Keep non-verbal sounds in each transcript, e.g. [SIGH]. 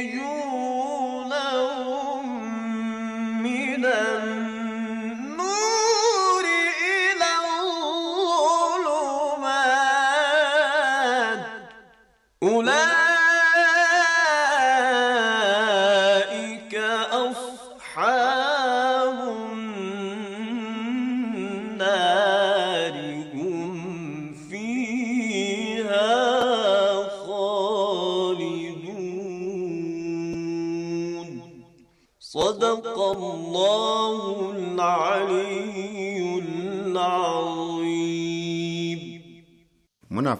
you.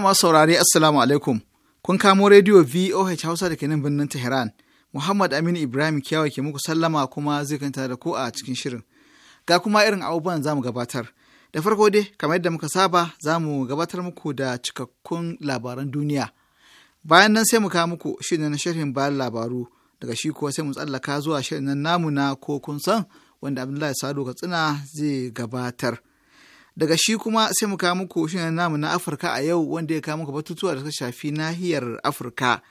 masu saurare Assalamu alaikum. Kun kamo rediyo VOH Hausa da ke nan birnin Tehran. Muhammad Aminu Ibrahim Kiyawa ke muku sallama kuma zai kanta da ku a cikin shirin. Ga kuma irin abubuwan za mu gabatar. Da farko dai, kamar yadda muka saba, za mu gabatar muku da cikakkun labaran duniya. Bayan nan sai mu kawo muku shirin na sharhin bayan labaru. Daga shi kuwa sai mu tsallaka zuwa shirin nan namu na ko kun san wanda Abdullahi Sadu Katsina zai gabatar. daga shi kuma sai mu kawo muku shirin namu na afirka a yau wanda ya kawo muku batutuwa da suka shafi nahiyar afirka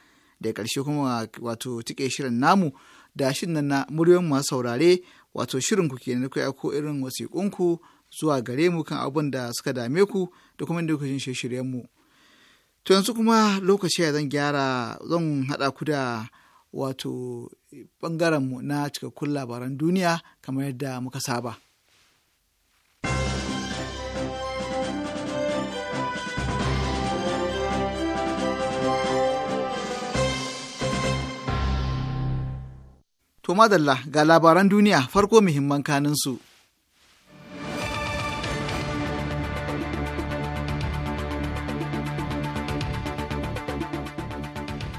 da ya karshe kuma wato tike shirin namu da shin nan na muryoyin masu saurare wato shirin ku kenan ku ko irin ku zuwa gare mu kan abin da suka dame ku da kuma inda kuke shirye shiryen mu to yanzu kuma lokaci ya zan gyara zan hada ku da wato bangaren mu na cikakkun labaran duniya kamar yadda muka saba To madalla ga labaran duniya farko muhimman kaninsu.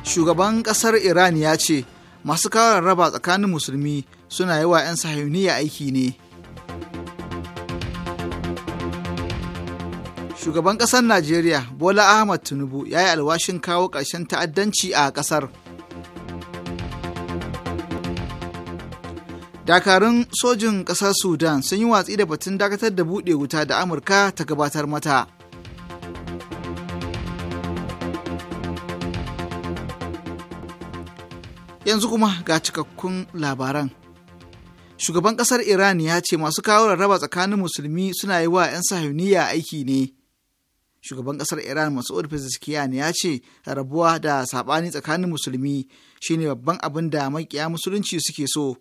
Shugaban ƙasar Iran ya ce, masu kawo raba tsakanin musulmi suna yi wa 'yan sahiyuniya aiki ne. Shugaban ƙasar Najeriya, Bola Ahmad Tinubu ya yi alwashin kawo ƙarshen ta'addanci a ƙasar. dakarun sojin ƙasar sudan sun yi watsi da batun dakatar da buɗe wuta da amurka ta gabatar mata yanzu kuma ga cikakkun labaran shugaban ƙasar iran ya ce masu kawo raba tsakanin musulmi suna yi wa 'yan sahuniya aiki ne shugaban ƙasar iran masoud ne ya ce rabuwa da saɓani tsakanin musulmi shine babban abin da makiya musulunci suke so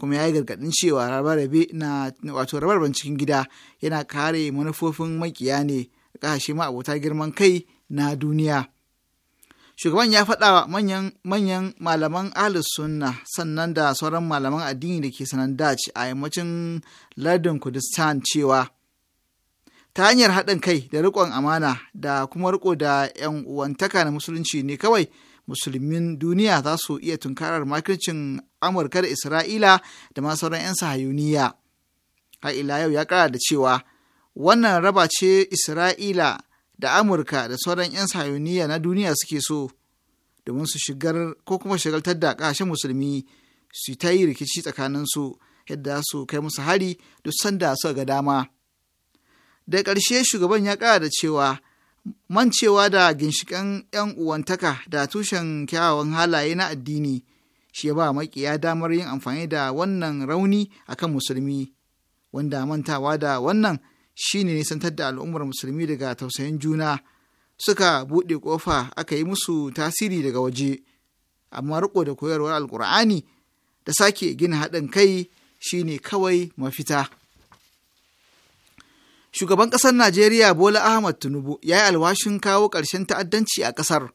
kuma ya yi gargaɗin cewa rabe na wato rabarban cikin gida yana kare manufofin makiya ne kashe ma abota girman kai na duniya shugaban ya faɗa wa manyan malaman ahlus sunna sannan da sauran malaman addini da ke sanan a yammacin lardin kudistan cewa ta hanyar haɗin kai da riƙon amana da kuma riƙo da 'yan uwantaka na musulunci ne kawai musulmin duniya za su iya tunkarar makircin amurka da isra'ila da ma sauran 'yan sahayuniya har ila yau ya kara da cewa wannan raba ce isra'ila da amurka da sauran 'yan sahayuniya na duniya suke so domin su shigar ko kuma shigaltar da kashe musulmi su ta yi rikici tsakaninsu yadda su kai musu hari duk sanda suka ga dama da ƙarshe shugaban ya kara da cewa mancewa da ginshikan 'yan uwantaka da tushen kyawawan halaye na addini shi ya ba maƙiya damar yin amfani da wannan rauni a kan musulmi wanda mantawa da wannan shi ne nisantar da al'ummar musulmi daga tausayin juna suka buɗe ƙofa aka yi musu tasiri daga waje amma riko da koyarwar alkur'ani da sake gina haɗin kai shi ne kawai mafita. Shugaban ƙasar Najeriya Bola Ahmad Tinubu ya yi alwashin kawo ƙarshen ta'addanci a ƙasar.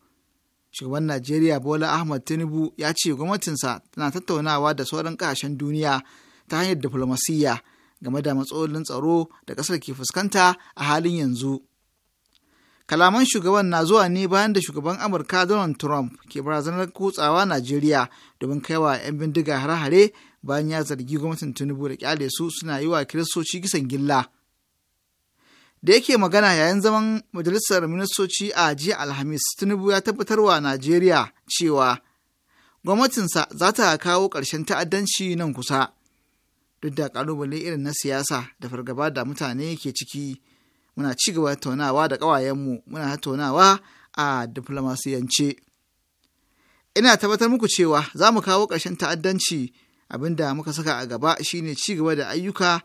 Shugaban Najeriya Bola Ahmad Tinubu ya ce gwamnatinsa tana tattaunawa da sauran ƙasashen duniya ta hanyar diflomasiyya game da matsalolin tsaro da ƙasar ke fuskanta a halin yanzu. Kalaman shugaban na zuwa ne bayan da shugaban Amurka Donald Trump ke barazanar kutsawa Najeriya domin kaiwa 'yan bindiga hare-hare bayan ya zargi gwamnatin Tinubu da kyale su suna yi wa kiristoci kisan gilla. da yake magana yayin zaman majalisar ministoci a jiya alhamis tinubu ya tabbatarwa najeriya cewa gwamnatinsa za ta kawo ƙarshen ta'addanci nan kusa duk da ƙalubale irin na siyasa da fargaba da mutane ke ciki muna ci gaba taunawa da ƙawayenmu muna taunawa a diflomasiyance ina tabbatar muku cewa za mu kawo ƙarshen ta'addanci abinda muka saka a gaba shine ci gaba da ayyuka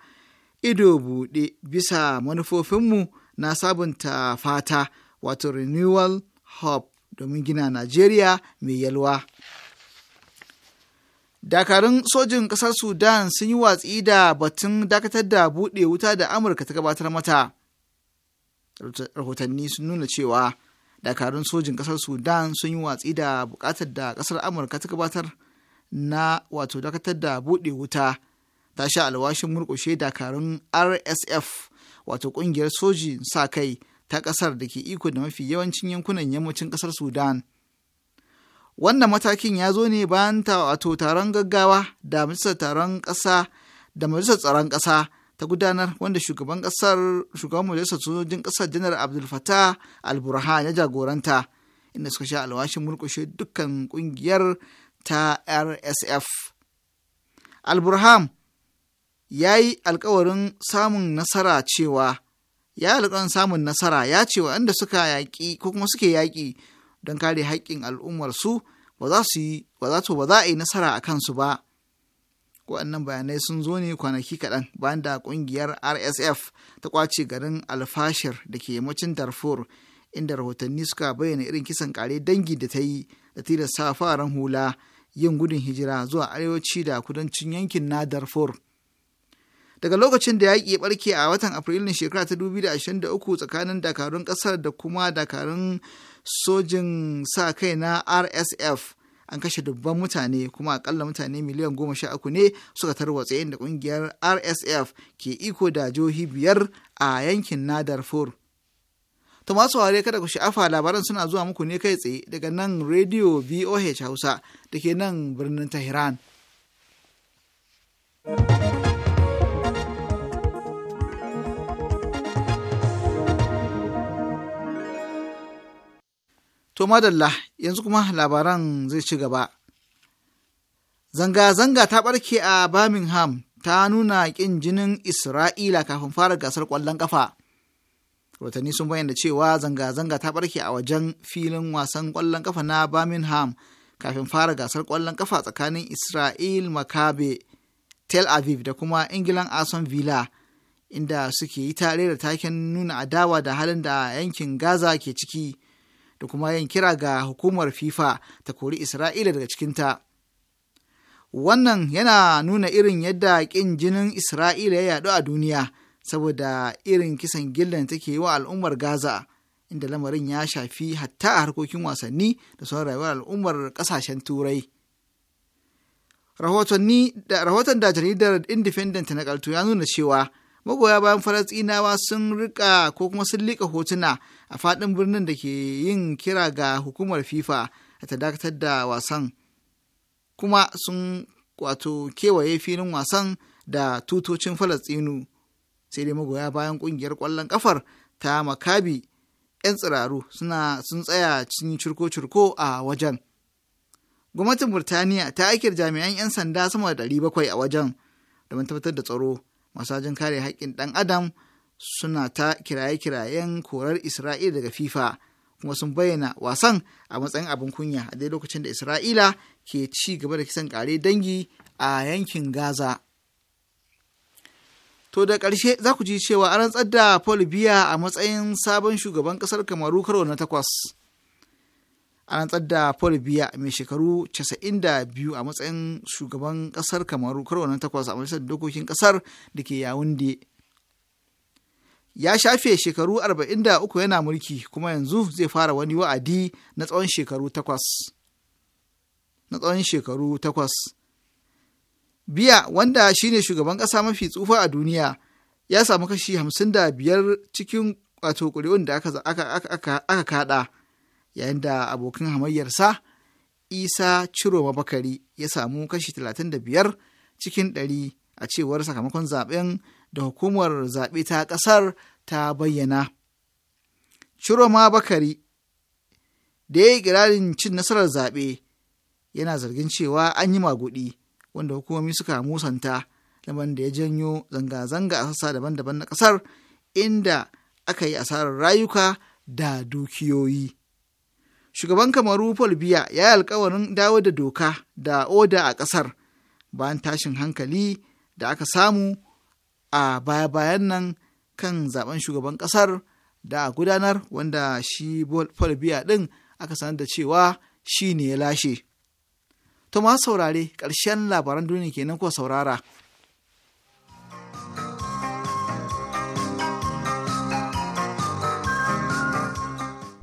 ido buɗe bisa manufofinmu na sabunta fata wato renewal hub domin gina Najeriya mai yalwa. Dakarun sojin ƙasar Sudan sun yi watsi da batun dakatar da buɗe wuta da Amurka ta gabatar mata. Rahotanni sun nuna cewa dakarun sojin ƙasar Sudan sun yi watsi da buƙatar da ƙasar Amurka ta gabatar na wato dakatar da buɗe wuta ta sha alwashin murƙushe dakarun rsf wato ƙungiyar sojin sa kai ta ƙasar da ke iko da mafi yawancin yankunan yammacin ƙasar sudan wannan matakin ya zo ne bayan ta wato taron gaggawa da majalisar taron ƙasa da majalisar tsaron ƙasa ta gudanar wanda shugaban ƙasar shugaban majalisar sojojin ƙasar janar abdul fatah al burhan ya jagoranta inda suka sha alwashin murƙushe dukkan ƙungiyar ta rsf al burhan ya yi alkawarin samun nasara cewa ya alkawarin samun nasara ya ce waɗanda suka yaƙi ko kuma suke yaƙi don kare haƙƙin al'ummarsu ba za su yi ba za ba za a yi nasara a kansu ba waɗannan bayanai sun zo ne kwanaki kaɗan bayan da ƙungiyar rsf ta ƙwace garin alfashir da ke yammacin darfur inda rahotanni suka bayyana irin kisan ƙare dangi da ta yi da tilasta fararen hula yin gudun hijira zuwa arewaci da kudancin yankin na darfur daga lokacin da yaƙi ya ɓarke a watan afrilun shekara ta 2023 tsakanin dakarun ƙasar da kuma dakarun sojin sa kai na rsf an kashe dubban mutane kuma akalla mutane miliyan goma sha uku ne suka tarwatse inda ƙungiyar rsf ke iko da jihohi biyar a yankin na darfur to masu ware kada ku sha'afa labaran suna zuwa muku ne kai tsaye daga nan radio voh hausa da ke nan birnin tehran To madalla yanzu kuma labaran zai ci gaba. Zanga-zanga ta ɓarke a Birmingham ta nuna ƙin jinin Isra'ila kafin fara gasar ƙwallon ƙafa. watanni sun bayyana cewa zanga-zanga ta ɓarke a wajen filin wasan ƙwallon ƙafa na Birmingham kafin fara gasar ƙwallon ƙafa tsakanin Isra'il Makabe, Tel Aviv da kuma Ingilan Aston Villa, inda suke yi tare da taken nuna adawa da halin da yankin Gaza ke ciki. da kuma yin kira ga hukumar FIFA ta kori Isra'ila daga cikinta. Wannan yana nuna irin yadda ƙin jinin Isra'ila ya yaɗu a duniya saboda irin kisan gillan take yi wa al'ummar Gaza, inda lamarin ya shafi hatta a harkokin wasanni da sauran rayuwar al'ummar ƙasashen Turai. Rahoton da jaridar Independent na ya nuna cewa magoya bayan falasɗinawa sun rika ko kuma sun liƙa hotuna a faɗin birnin da ke yin kira ga hukumar fifa da ta dakatar da wasan kuma sun wato kewaye filin wasan da tutocin falasɗinu sai dai magoya bayan ƙungiyar ƙwallon ƙafar ta makabi 'yan tsiraru suna sun tsaya cin curko-curko a wajen gwamnatin burtaniya ta aikir jami'an 'yan sanda sama da 700 a wajen domin tabbatar da tsaro masajin kare haƙƙin ɗan adam suna ta kiraye-kirayen korar isra'ila daga fifa kuma sun bayyana wasan a matsayin abin kunya a dai lokacin da isra'ila ke ci gaba da kisan kare dangi a yankin gaza to da ƙarshe za ku ji cewa an rantsar da paul biya a matsayin sabon shugaban ƙasar kamaru karo na takwas a rantsar da Paul Biya mai shekaru 92 a matsayin shugaban kasar Kamaru karo na takwas a majalisar dokokin kasar da ke Yawunde. Ya shafe shekaru 43 yana mulki kuma yanzu zai fara wani wa'adi na tsawon shekaru takwas. Na tsawon shekaru takwas. Biya wanda shine shugaban ƙasa mafi tsufa a duniya ya samu kashi 55 cikin wato ƙuri'un da aka, aka, aka, aka, aka kada. yayin da abokan hamayyarsa isa ciro mabakari ya samu kashi 35 cikin 100 a cewar sakamakon zaben da hukumar zaɓe ta ƙasar ta bayyana ciro Bakari da ya yi ƙirarin cin nasarar zaɓe yana zargin cewa an yi maguɗi wanda hukumomi suka musanta laman da ya janyo zanga-zanga a sassa daban-daban na ƙasar inda aka yi asarar rayuka da dukiyoyi. shugaban kamaru paul biya ya yi alkawarin dawo da doka da oda a ƙasar bayan tashin hankali da aka samu a baya-bayan nan kan zaben shugaban ƙasar da a gudanar wanda shi paul biya ɗin aka sanar da cewa shi ne ya lashe to masu saurare ƙarshen labaran duniya kenan ko saurara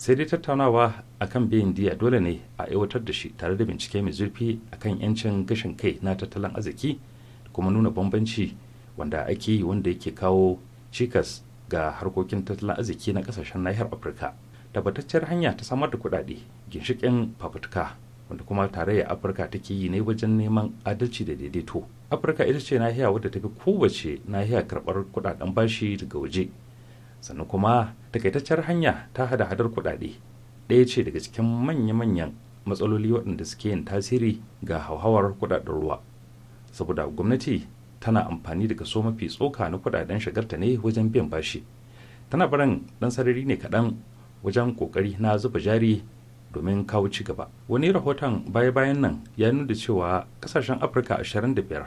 sai dai tattaunawa a kan biyan diya dole ne a aiwatar da shi tare da bincike mai zurfi a kan yancin gashin kai na tattalin arziki da kuma nuna bambanci wanda ake yi wanda yake kawo cikas ga harkokin tattalin arziki na kasashen nahiyar afirka tabbatacciyar hanya ta samar da kuɗaɗe ginshiƙin fafutuka wanda kuma tarayyar afirka take yi ne wajen neman adalci da daidaito afirka ita ce nahiya wadda ta fi kowace nahiya karɓar kuɗaɗen bashi daga waje sannan kuma takaitaccen hanya ta hada hadar kuɗaɗe ɗaya ce daga cikin manya-manyan matsaloli waɗanda suke yin tasiri ga hauhawar kuɗaɗen ruwa saboda gwamnati tana amfani da kaso mafi tsoka na kuɗaɗen shagarta ne wajen biyan bashi tana barin ɗan sarari ne kaɗan wajen ƙoƙari na zuba jari domin kawo ci gaba wani rahoton baya-bayan nan ya nuna cewa kasashen afirka 25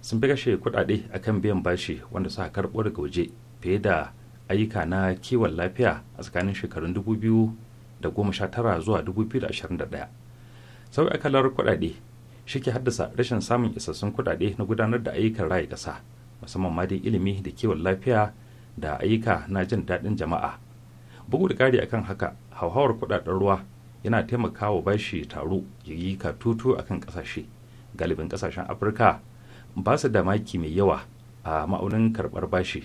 sun fi kashe kuɗaɗe akan biyan bashi wanda suka karɓo daga waje fiye da ayyuka na kiwon lafiya a tsakanin shekarun 2019 zuwa 2021 sauyi akalar kuɗaɗe shi ke haddasa rashin samun isassun kuɗaɗe na gudanar da ayyukan rayu ƙasa musamman ma dai ilimi da kiwon lafiya da ayyuka na jin daɗin jama'a bugu da ƙari akan haka hauhawar kuɗaɗen ruwa yana taimakawa bashi taro ya yi katutu akan ƙasashe galibin ƙasashen afirka ba su da maki mai yawa a ma'aunin karɓar bashi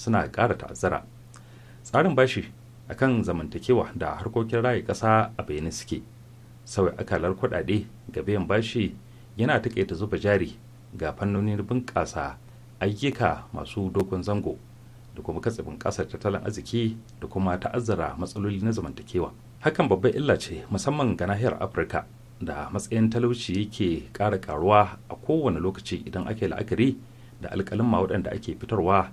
suna ƙara ta'azzara tsarin bashi a kan zamantakewa da harkokin raye ƙasa a bayanin suke sauya akalar kuɗaɗe ga biyan bashi yana taƙaita zuba jari ga fannonin bunƙasa ayyuka masu dogon zango da kuma katse bunƙasar tattalin arziki da kuma ta'azzara matsaloli na zamantakewa hakan babbar illa ce musamman ga nahiyar afirka da matsayin talauci yake ƙara karuwa a kowane lokaci idan ake la'akari da alƙalin waɗanda ake fitarwa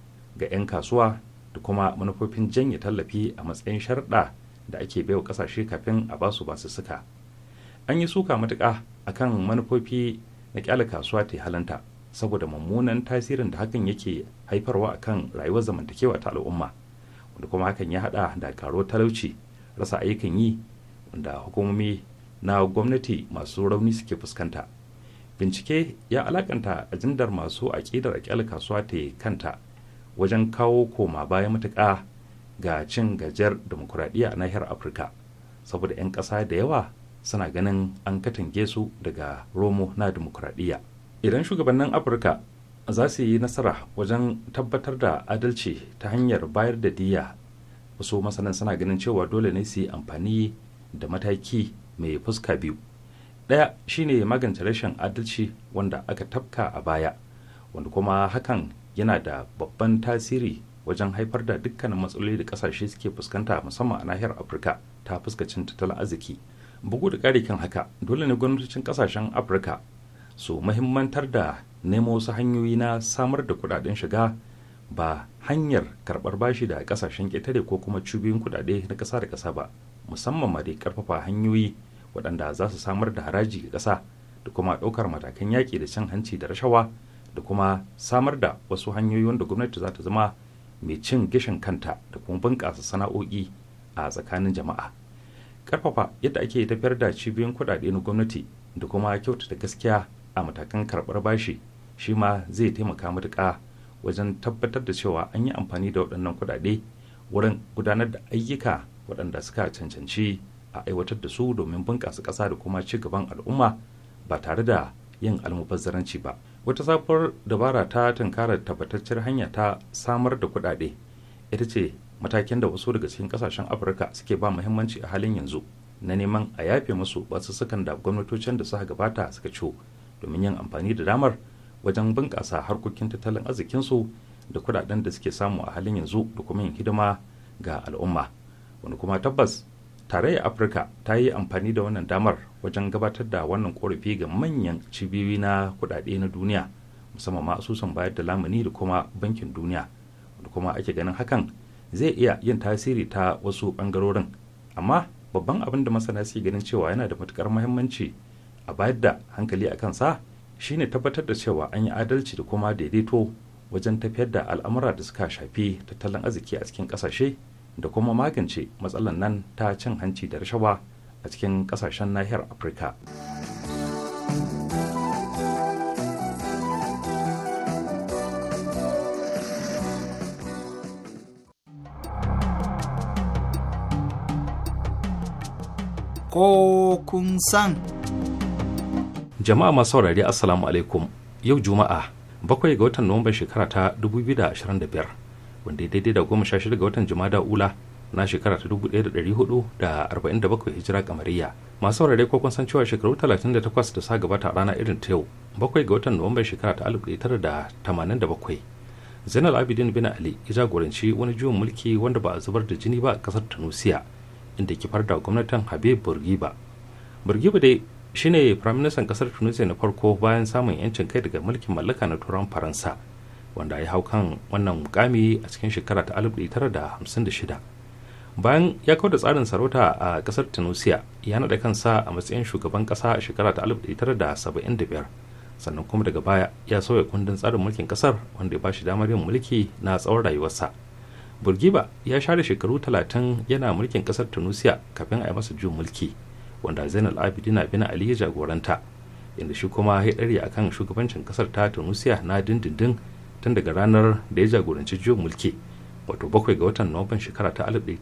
ga 'yan kasuwa da kuma manufofin janye tallafi a matsayin sharɗa da ake baiwa ƙasashe kafin a basu suka an yi suka matuƙa akan manufofi na kyala kasuwa ta halanta saboda mummunan tasirin da hakan yake haifarwa a kan rayuwar zamantakewa ta al'umma wanda kuma hakan ya haɗa da karo talauci rasa ayyukan yi wanda hukumomi na gwamnati masu rauni suke fuskanta bincike ya alakanta ajindar masu aƙidar kyala kasuwa ta kanta wajen kawo koma baya matuƙa ga cin gajiyar demokuraɗiyya a nahiyar afirka saboda 'yan ƙasa da yawa suna ganin an katange su daga romo na demokuraɗiyya idan shugabannin afirka za su yi nasara wajen tabbatar da adalci ta hanyar bayar da diya wasu masanan suna ganin cewa dole ne su yi amfani da mataki mai fuska biyu ɗaya shine magance rashin adalci wanda aka tafka a baya wanda kuma hakan yana da babban tasiri wajen haifar da dukkanin matsaloli da kasashe suke fuskanta musamman a nahiyar afirka ta fuskacin tattalin arziki bugu da ƙari kan haka dole ne gwamnatocin kasashen afirka su mahimmantar da nemo wasu hanyoyi na samar da kudaden shiga ba hanyar karbar bashi da kasashen ƙetare ko kuma cubiyoyin kudade na ƙasa da ƙasa ba musamman ma dai karfafa hanyoyi waɗanda za su samar da haraji ga ƙasa da kuma ɗaukar matakan yaƙi da cin hanci da rashawa da kuma samar da wasu hanyoyi wanda gwamnati za ta zama mai cin gishin kanta da kuma bunƙasa sana'o'i a tsakanin jama'a ƙarfafa yadda ake tafiyar da cibiyoyin kuɗaɗe na gwamnati da kuma kyautata gaskiya a matakan karɓar bashi shi ma zai taimaka matuƙa wajen tabbatar da cewa an yi amfani da waɗannan kuɗaɗe wurin gudanar da ayyuka waɗanda suka cancanci a aiwatar da su domin bunƙasa ƙasa da kuma ci gaban al'umma ba tare da yin almubazzaranci ba. wata safar dabara ta tunkarar tabbataccen hanya ta samar da kuɗaɗe ita ce matakin da wasu daga cikin kasashen afirka suke ba muhimmanci a halin yanzu na neman a yafe musu wasu sukan da gwamnatocin da suka gabata suka ciwo domin yin amfani da damar wajen bunƙasa harkokin tattalin arzikinsu da kuɗaɗen da suke samu a halin yanzu da kuma yin hidima ga al'umma wani kuma tabbas tarayyar afirka ta yi amfani da wannan damar wajen gabatar da wannan korafi ga manyan cibiyoyi na kudade na duniya musamman ma asusun bayar da lamuni da kuma bankin duniya wanda kuma ake ganin hakan zai iya yin tasiri ta wasu bangarorin amma babban abin da masana suke ganin cewa yana da matukar muhimmanci a bayar da hankali a kansa shine tabbatar da cewa an yi adalci da kuma daidaito wajen tafiyar da al'amura da suka shafi tattalin arziki a cikin kasashe da kuma magance matsalar nan ta cin hanci da rashawa a cikin kasashen nahiyar afirka ko kun san jama'a masu saurari assalamu alaikum yau juma'a bakwai ga watan nuwamban shekara ta 2025 wanda ya daidai da goma sha shida ga watan jumada ula na shekara ta dubu da da da hudu arba'in bakwai hijira kamariya masu saurare ko kun san cewa shekaru talatin da sa gabata a rana irin ta yau bakwai ga watan nuwamban shekara ta alif da da tamanin bakwai. zainal abidin bin ali ya jagoranci wani juyin mulki wanda ba a zubar da jini ba a kasar tunisia inda kifar da gwamnatin habib burgiba burgiba dai shine firaministan kasar tunisia na farko bayan samun yancin kai daga mulkin mallaka na turan faransa wanda ya hau kan wannan mukami a cikin shekara ta 1956 bayan ya kawo da tsarin sarauta a kasar tunisia ya naɗa kansa a matsayin shugaban ƙasa a shekara ta 1975 sannan kuma daga baya ya sauya kundin tsarin mulkin ƙasar wanda ya ba damar yin mulki na tsawon rayuwarsa burgiba ya share shekaru 30 yana mulkin ƙasar tunisia kafin a yi masa juyin mulki wanda zainal abidin abin ali ya jagoranta inda shi kuma ya ɗari akan shugabancin ƙasar ta tunisia na dindindin tun daga ranar da ya jagoranci juyin mulki wato bakwai ga watan nuwamban shekara ta alif da da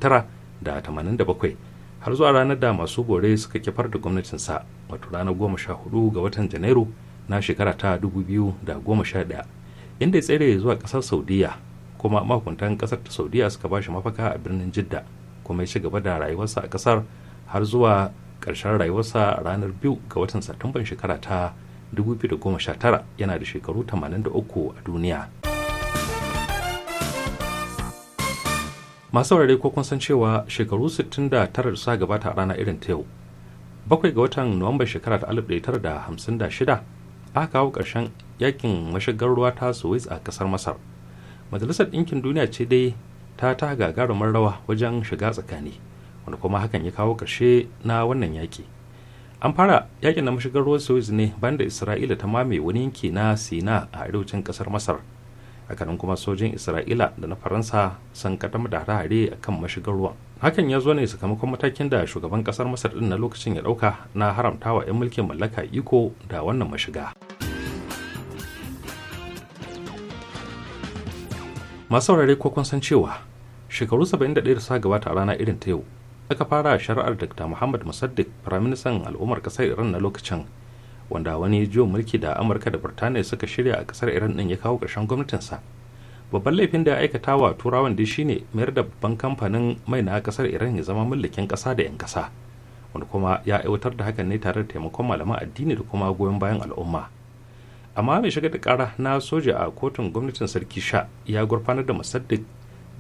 tara tamanin bakwai har zuwa ranar da masu bore suka kifar da gwamnatinsa wato ranar goma sha hudu ga watan janairu na shekara ta dubu biyu da goma sha ɗaya inda ya tsere zuwa kasar saudiya kuma mahukuntan kasar ta saudiya suka ba shi mafaka a birnin jidda kuma ya ci gaba da rayuwarsa a kasar har zuwa ƙarshen rayuwarsa ranar biyu ga watan satumban shekara ta 2019 yana da shekaru 83 a duniya masu saurare ko kun san cewa shekaru 69 da suka gabata a rana irin ta yau bakwai ga watan nuwamba shekara ta 1956 aka kawo ƙarshen yakin mashigar ruwa ta suez a ƙasar masar majalisar ɗinkin duniya ce dai ta ta gagarumin rawa wajen shiga tsakani wanda kuma hakan ya kawo ƙarshe na wannan yaƙi an fara yakin na mashigar ruwan suez ne bayan da isra'ila ta mame wani yanki na sina a arewacin kasar masar hakanan kuma sojin isra'ila da na faransa sun kaddama da hare a kan mashigar ruwan hakan ya zo ne sakamakon matakin da shugaban kasar masar din na lokacin ya dauka na haramtawa 'yan mulkin mallaka iko da wannan mashiga masu saurare ko kun san cewa shekaru 71 da suka gabata a rana irin ta yau aka fara shari'ar dr muhammad musaddiq firaministan al'ummar kasar iran na lokacin wanda wani juyin mulki da amurka da birtaniya suka shirya a kasar iran din ya kawo ƙarshen gwamnatinsa babban laifin da ya aikata wa turawan da shine mayar da babban kamfanin mai na kasar iran ya zama mulkin kasa da 'yan kasa wanda kuma ya aiwatar da hakan ne tare da taimakon malaman addini da kuma goyon bayan al'umma amma mai shiga da kara na soja a kotun gwamnatin sarki sha ya gurfanar da musaddik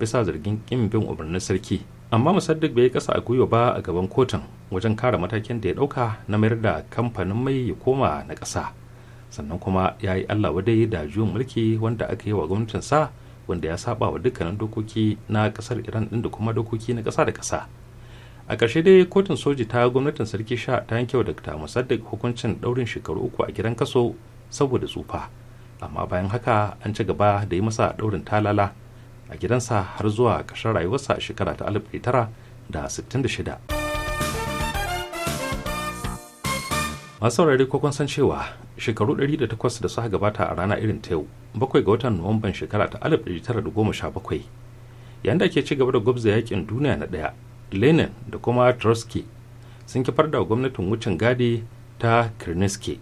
bisa zargin kin bin umarnin sarki amma musaddik bai kasa a gwiwa ba a gaban kotun wajen kare matakin da ya dauka na mayar da kamfanin mai ya koma na ƙasa sannan kuma ya yi allah dai da juyin mulki wanda aka yi wa gwamnatinsa wanda ya saba wa dukkanin dokoki na ƙasar iran din da kuma dokoki na kasa da kasa a ƙarshe dai kotun soji ta gwamnatin sarki sha ta yanke wa dr musaddik hukuncin daurin shekaru uku a gidan kaso saboda tsufa amma bayan haka an ci gaba da yi masa daurin talala a gidansa har zuwa ƙarshen rayuwarsa a shekara ta 1966 masu saurari ko kun san cewa shekaru 108 da suka gabata a rana irin ta yau bakwai ga watan nuwamban shekara ta 1917 yayin da ke ci gaba da gwabza yakin duniya na ɗaya lenin da kuma trotsky sun kifar da gwamnatin wucin gadi ta kirniski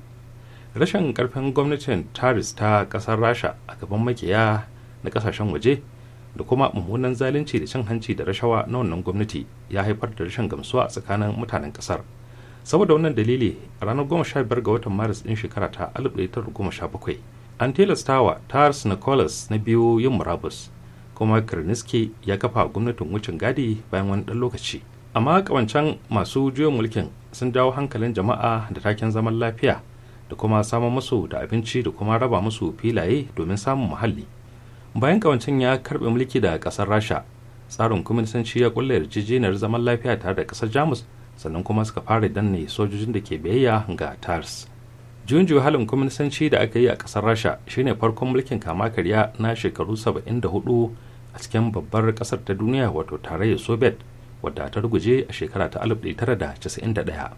rashin karfin gwamnatin taris ta kasar rasha a gaban makiya na kasashen waje da kuma mummunan zalunci da cin hanci da rashawa na wannan gwamnati ya haifar da rashin gamsuwa a tsakanin mutanen kasar saboda wannan dalili a ranar 15 ga watan maris din shekara ta sha bakwai. an tilastawa tars nicholas na biyu yin murabus kuma kirniski ya kafa gwamnatin wucin gadi bayan wani ɗan lokaci amma kawancan masu juyin mulkin sun jawo hankalin jama'a da taken zaman lafiya da kuma samar musu da abinci da kuma raba musu filaye domin samun muhalli bayan kawancin ya karbe mulki da kasar rasha tsarin kwaminisanci ya kulle yarjejeniyar zaman lafiya tare da kasar jamus sannan kuma suka fara danne sojojin da ke biyayya ga tars junju halin kwaminisanci da aka yi a kasar rasha shine farkon mulkin kama karya na shekaru 74 a cikin babbar kasar ta duniya wato tarayyar soviet wadda ta ruguje a shekara ta 1991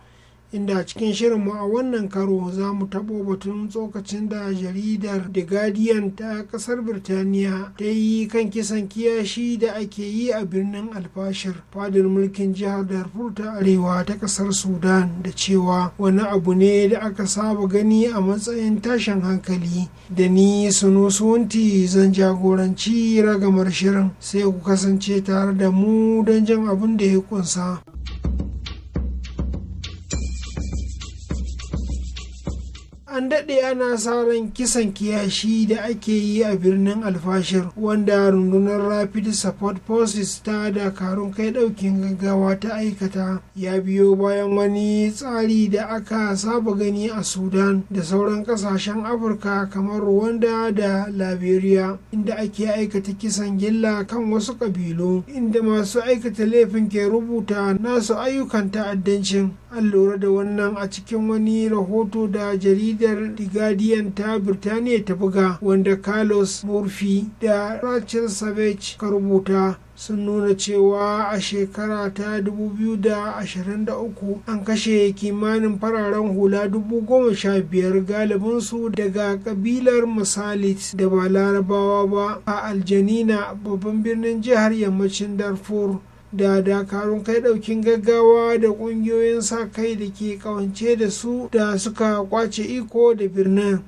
inda a cikin mu a wannan karo za mu taɓo batun tsokacin da jaridar the guardian ta ƙasar birtaniya ta yi kan kisan kiyashi da ake yi a birnin alfashir fadin mulkin jihar darfur ta arewa ta ƙasar sudan da cewa wani abu ne da aka saba gani a matsayin tashin hankali da ni suno suwanti zan jagoranci ragamar shirin sai ku kasance tare da mu don jin abin da ya kunsa. an daɗe ana sa ran kisan kiyashi da ake yi a birnin alfashir wanda rundunar rapid support forces ta dakarun kai ɗaukin gaggawa ta aikata ya biyo bayan wani tsari da aka saba gani a sudan da sauran ƙasashen afirka kamar rwanda da liberia inda ake aikata kisan gilla kan wasu ƙabilu inda masu aikata laifin ke rubuta nasu ayyukan ta'addancin an lura da wannan a cikin wani rahoto da jaridar the guardian ta birtaniya ta buga wanda carlos murphy da rachel savage ka rubuta sun nuna cewa a shekara ta 2023 an kashe kimanin fararen hula 15,000 galibinsu daga kabilar masalit da ba larabawa ba a aljanina babban birnin jihar yammacin darfur da dakarun kai daukin gaggawa da kungiyoyin sa kai da ke kawance da su da suka kwace iko da birnin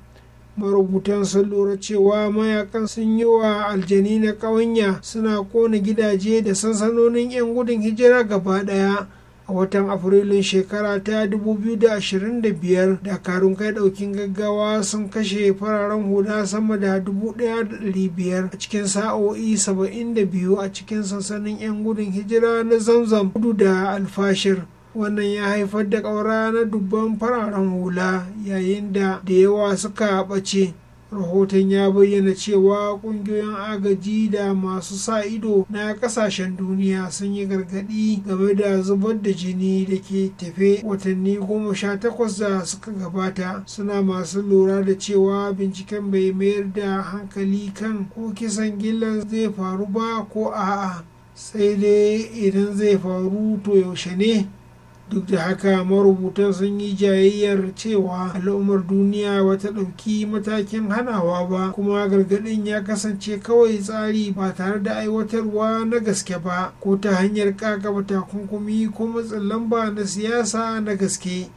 marubutan sun lura cewa mayakan sun yi wa aljani na ƙawanya suna kona gidaje da sansanonin 'yan gudun hijira gaba daya. a watan afrilun shekara ta 2025 dakarun kai daukin gaggawa sun kashe fararen hula sama da 1,500 a cikin sa'o'i 72 a cikin sansanin 'yan gudun hijira na zamzam gudu da alfashir wannan ya haifar da ƙaura na dubban fararen hula yayin da da yawa suka ɓace rahoton ya bayyana cewa kungiyoyin agaji da masu sa ido na kasashen duniya sun yi gargadi game da zubar da jini da ke tafe watanni goma sha takwas da suka gabata suna masu lura da cewa binciken bai mayar da hankali kan ko kisan gillan zai faru ba ko a'a sai dai idan zai faru to yaushe ne duk da haka marubutan sun yi jayayyar cewa al'ummar duniya ba ta ɗauki matakin hanawa ba kuma gargaɗin ya kasance kawai tsari ba tare da aiwatarwa na gaske ba ko ta hanyar kakaba takunkumi ko matsin lamba na siyasa na gaske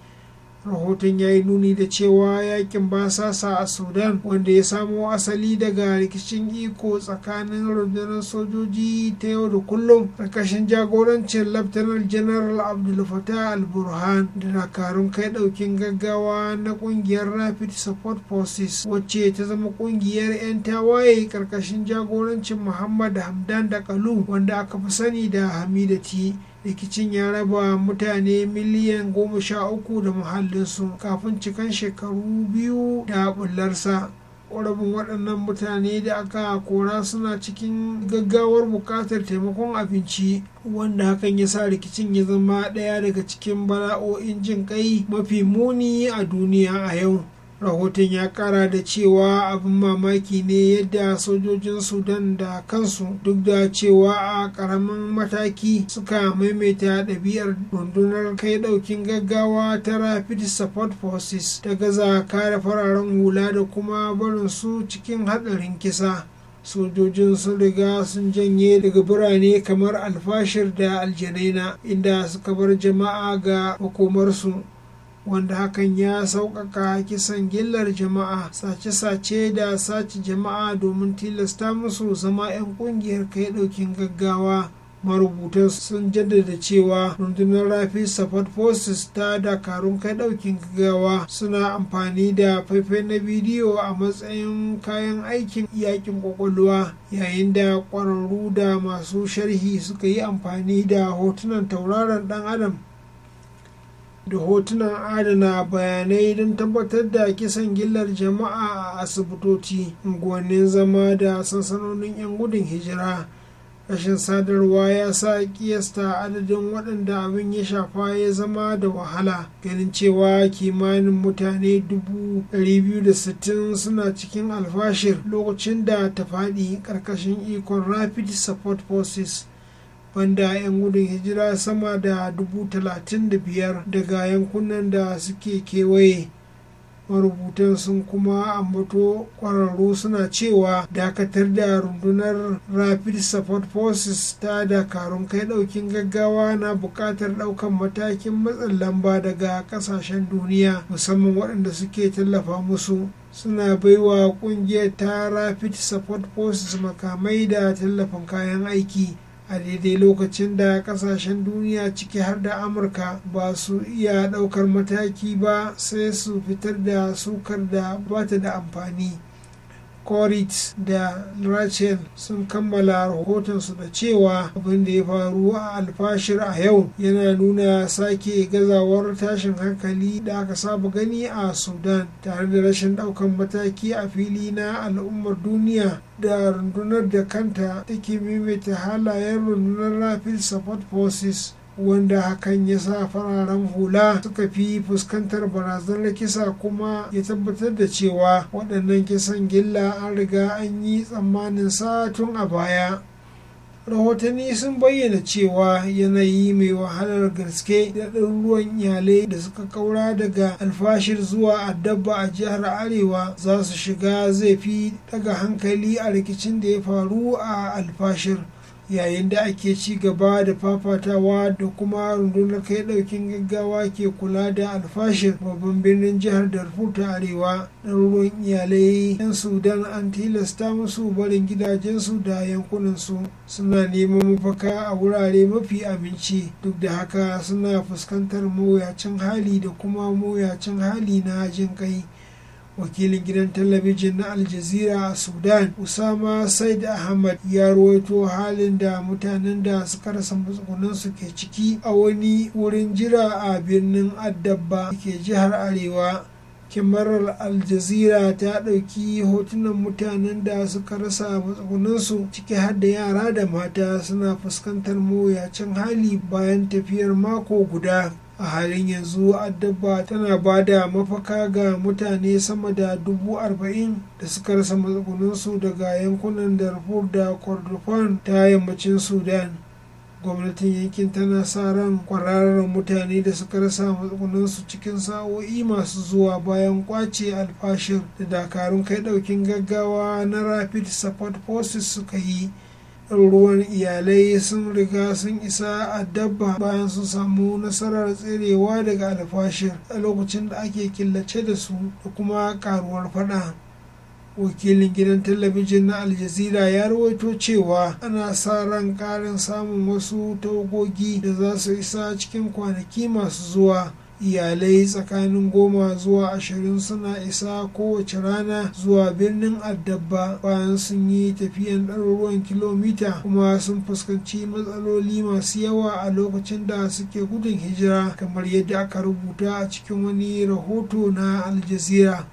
rahoton ya yi nuni da cewa yakin basasa a sudan wanda ya samo asali daga rikicin iko tsakanin rundunar sojoji ta yau da kullum ƙarƙashin jagorancin laftanar general abdul fatah al-burhan da dakarun kai ɗaukin gaggawa na ƙungiyar rapid support forces wacce ta zama ƙungiyar 'yan tawaye ƙarƙashin jagorancin muhammad hamdan da kalu wanda aka fi sani da hamidati rikicin ya raba mutane miliyan goma sha uku da muhallinsu kafin cikan shekaru biyu da bullarsa rabin waɗannan mutane da aka kora suna cikin gaggawar buƙatar taimakon abinci wanda hakan ya sa rikicin ya zama ɗaya daga cikin bala'o'in jin ƙai mafi muni a duniya a yau rahoton ya kara da cewa abin mamaki ne yadda sojojin sudan da kansu duk da cewa a karamin mataki suka maimaita ɗabi'ar rundunar kai ɗaukin gaggawa ta rapid support forces ta gaza kare fararen hula da kuma barin su cikin hadarin kisa sojojin sun riga sun janye daga birane kamar alfashir da aljanaina inda suka bar jama'a ga hukumarsu wanda hakan ya sauƙaƙa kisan gillar jama'a sace-sace da sace jama'a domin tilasta musu zama 'yan ƙungiyar kai ɗaukin gaggawa marubutan sun jaddada cewa rundunar rafi support forces ta dakarun kai ɗaukin gaggawa suna amfani da faifai na bidiyo a matsayin kayan aikin yakin kwakwalwa yayin da kwararru da masu sharhi suka yi amfani da hotunan tauraron dan adam da hotunan adana bayanai don tabbatar da kisan gillar jama'a a asibitoci unguwannin zama da sansanonin 'yan gudun hijira rashin sadarwa ya sa kiyasta adadin waɗanda abin ya shafa ya zama da wahala ganin cewa kimanin mutane 260 suna cikin alfashir lokacin da ta faɗi ƙarƙashin ikon rapid support forces wanda 'yan gudun hijira sama da dubu talatin da biyar daga yankunan da suke kewaye marubutan sun kuma ambato kwararru suna cewa dakatar da rundunar rapid support forces ta dakarun kai daukin gaggawa na bukatar daukan matakin matsin lamba daga kasashen duniya musamman waɗanda suke tallafa musu suna baiwa kungiyar ta rapid support forces makamai da tallafin kayan aiki a daidai lokacin da kasashen duniya ciki har da amurka ba su iya daukar mataki ba sai su fitar da sukar da bata da amfani koritz da rachel sun kammala rahotonsu da cewa abin da ya faru a alfashir a yau yana nuna sake gazawar tashin hankali da aka saba gani a sudan tare da rashin daukan mataki a fili na al'ummar duniya da rundunar da kanta take maimaita halayen rundunar rapid support forces wanda hakan ya sa fararen hula suka fi fuskantar barazanar kisa kuma ya tabbatar da cewa waɗannan kisan gilla an riga an yi tsammanin sa tun a baya rahotanni sun bayyana cewa yanayi mai wahalar gaske da ɗaruruwan iyalai da suka kaura daga alfashir zuwa addabba a jihar arewa za su shiga zai fi daga hankali a rikicin da ya faru a alfashir yayin da ake ci gaba da fafatawa da kuma rundunar kai daukin gaggawa ke kula da alfashin babban birnin jihar darfur ta arewa ɗaruruwan iyalai 'yan sudan an tilasta musu barin gidajensu da yankunansu suna neman mafaka a wurare mafi aminci duk da haka suna fuskantar mawuyacin hali da kuma mawuyacin hali na jin kai wakilin gidan talabijin na aljazira a sudan usama said ahmad ya ruwaito halin da mutanen da suka rasa matsugunansu ke ciki a wani wurin jira a birnin addabba ke jihar arewa kimarar aljazira ta ɗauki hotunan mutanen da suka rasa matsugunansu ciki har da yara da mata suna fuskantar mawuyacin hali bayan tafiyar mako guda a halin yanzu addabba tana ba da mafaka ga mutane sama da dubu arba'in da suka rasa matsugunansu daga yankunan darfur da kordofan ta yammacin sudan gwamnatin yankin tana sa ran kwararren mutane da suka rasa matsugunansu cikin sa'o'i masu zuwa bayan kwace alfashin da dakarun kai daukin gaggawa na rapid support forces suka yi Ruwan iyalai sun riga sun isa a dabba bayan sun samu nasarar tserewa daga alfashir a lokacin da ake killace da su da kuma karuwar fada wakilin gidan talabijin na aljazira ya rawaito cewa ana sa ran karin samun wasu tagogi da za su isa cikin kwanaki masu zuwa iyalai tsakanin goma zuwa ashirin suna isa kowace rana zuwa birnin addabba bayan sun yi tafiyan ɗaruruwan kilomita kuma sun fuskanci matsaloli masu yawa a lokacin da suke gudun hijira kamar yadda aka rubuta a cikin wani rahoto na aljazira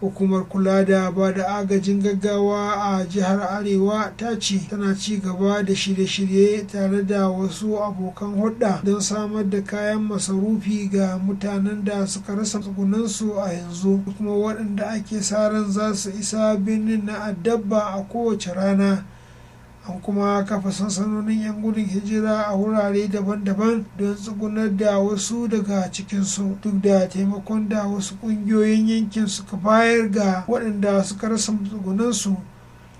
hukumar kula da ba da agajin gaggawa a jihar arewa ta ce tana ci gaba da shirye-shirye tare da wasu abokan hulɗa don samar da kayan masarufi ga mutanen da suka rasa tsugunansu a yanzu kuma waɗanda ake sa ran za su isa birnin na addabba a kowace rana an kuma kafa sansanonin 'yan gudun hijira a wurare daban-daban don tsugunar da wasu daga cikinsu duk da taimakon da wasu ƙungiyoyin yankin suka bayar ga waɗanda suka rasa tsugunansu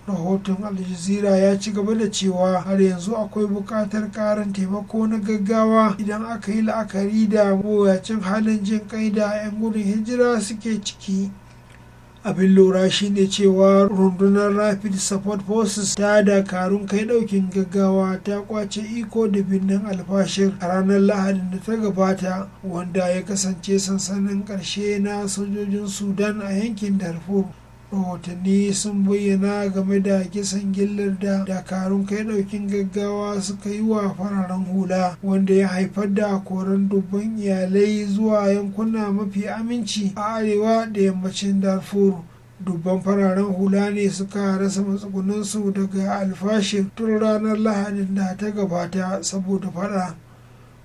rahoton aljazira ya ci gaba da cewa har yanzu akwai buƙatar ƙarin taimako na gaggawa idan aka yi la'akari da mawuyacin halin jin kai da 'yan gudun hijira suke ciki abin lura ne cewa rundunar rapid support forces ta dakarun kai daukin gaggawa ta kwace iko da birnin alfashir a ranar lahadin da ta gabata wanda ya kasance sansanin karshe na sojojin sudan a yankin darfur rahotanni sun bayyana game da kisan gillar da dakarun kai daukin gaggawa suka yi wa fararen hula wanda ya haifar da koran dubban iyalai zuwa yankuna mafi aminci a arewa da yammacin darfur dubban fararen hula ne suka rasa matsugunansu daga alfashin tun ranar lahadin da ta gabata saboda fada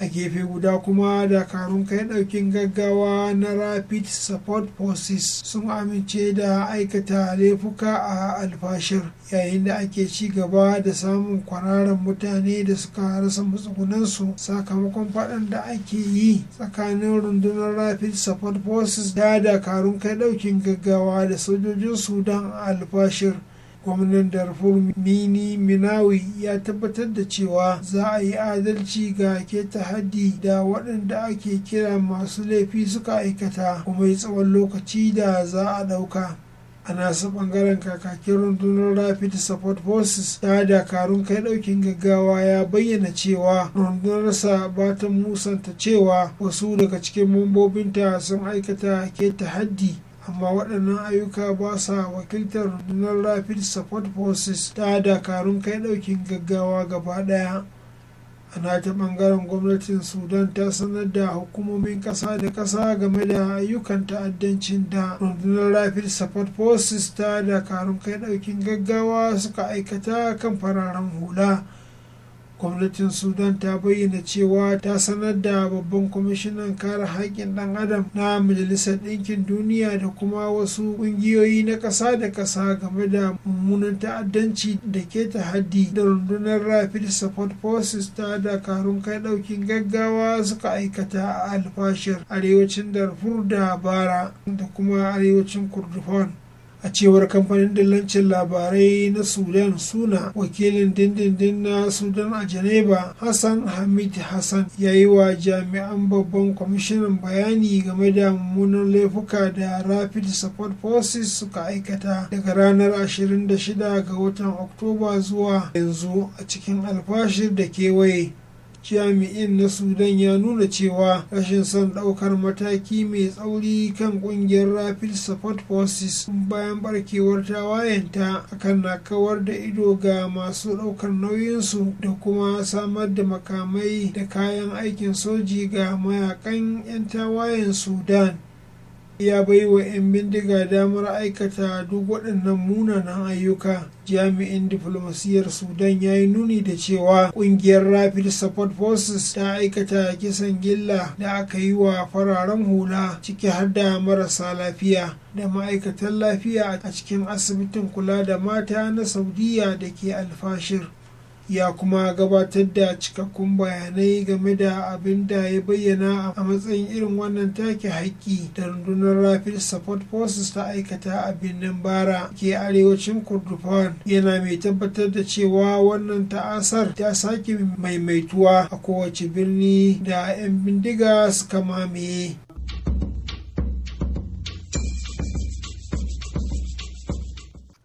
a gefe guda kuma dakarun kai daukin gaggawa na rapid support forces sun amince da aikata laifuka a alfashir yayin da ake ci gaba da samun kwararan mutane da suka rasa matsugunansu sakamakon faɗan da ake yi tsakanin rundunar rapid support forces da dakarun kai daukin gaggawa da sojojin sudan alfashir gwamnan darfur mini minawi ya tabbatar da cewa za a yi adalci ga keta haddi da waɗanda ake kira masu laifi suka aikata kuma yi tsawon lokaci da za a ɗauka a nasu ɓangaren kakakin rundunar rapid support forces ta dakarun kai ɗaukin gaggawa ya bayyana cewa rundunarsa ba ta musanta cewa wasu daga cikin mambobinta sun aikata ke haddi amma waɗannan ayyuka ba sa wakiltar rundunar rapid support forces ta dakarun kai ɗaukin gaggawa gaba ɗaya a nata ɓangaren gwamnatin sudan ta sanar da hukumomin ƙasa da ƙasa game da ayyukan ta'addancin da rundunar rapid support forces ta dakarun kai ɗaukin gaggawa suka aikata kan fararen hula gwamnatin sudan ta bayyana cewa ta sanar da babban kwamishinan kare haƙƙin ɗan adam na majalisar ɗinkin duniya da kuma wasu ƙungiyoyi na ƙasa da ƙasa game da mummunan ta'addanci da ke ta haddi da rundunar rapid support forces ta dakarun kai ɗaukin gaggawa suka aikata a alfashir arewacin darfur da bara da kuma arewacin kurdufan a cewar kamfanin dillancin labarai na sudan suna wakilin dindindin na sudan a geneva hassan hamid hassan ya yi wa jami'an babban kwamishinan bayani game da mummunan laifuka da rapid support forces suka aikata daga ranar 26 ga watan oktoba zuwa yanzu a cikin alfashir da kewaye jami'in na sudan ya nuna cewa rashin son daukar mataki mai tsauri kan kungiyar rapid support forces bayan barkewar tawayenta akan na kawar da ido ga masu daukar nauyinsu da kuma samar da makamai da kayan aikin soji ga mayakan 'yan tawayen sudan ya bai wa 'yan bindiga damar aikata duk waɗannan munanan ayyuka jami'in diflomasiyyar sudan ya yi nuni da cewa ƙungiyar rapid support forces ta aikata kisan gilla da aka yi wa fararen hula ciki har da marasa lafiya da ma'aikatan lafiya a cikin asibitin kula da mata na saudiya da ke alfashir ya kuma gabatar da cikakkun bayanai game da abin da ya bayyana a matsayin irin wannan take haƙƙi da rundunar rapid support forces ta aikata a birnin bara ke arewacin kurdufan yana mai tabbatar da cewa wannan ta'asar ta sake maimaituwa a kowace birni da 'yan bindiga suka mamaye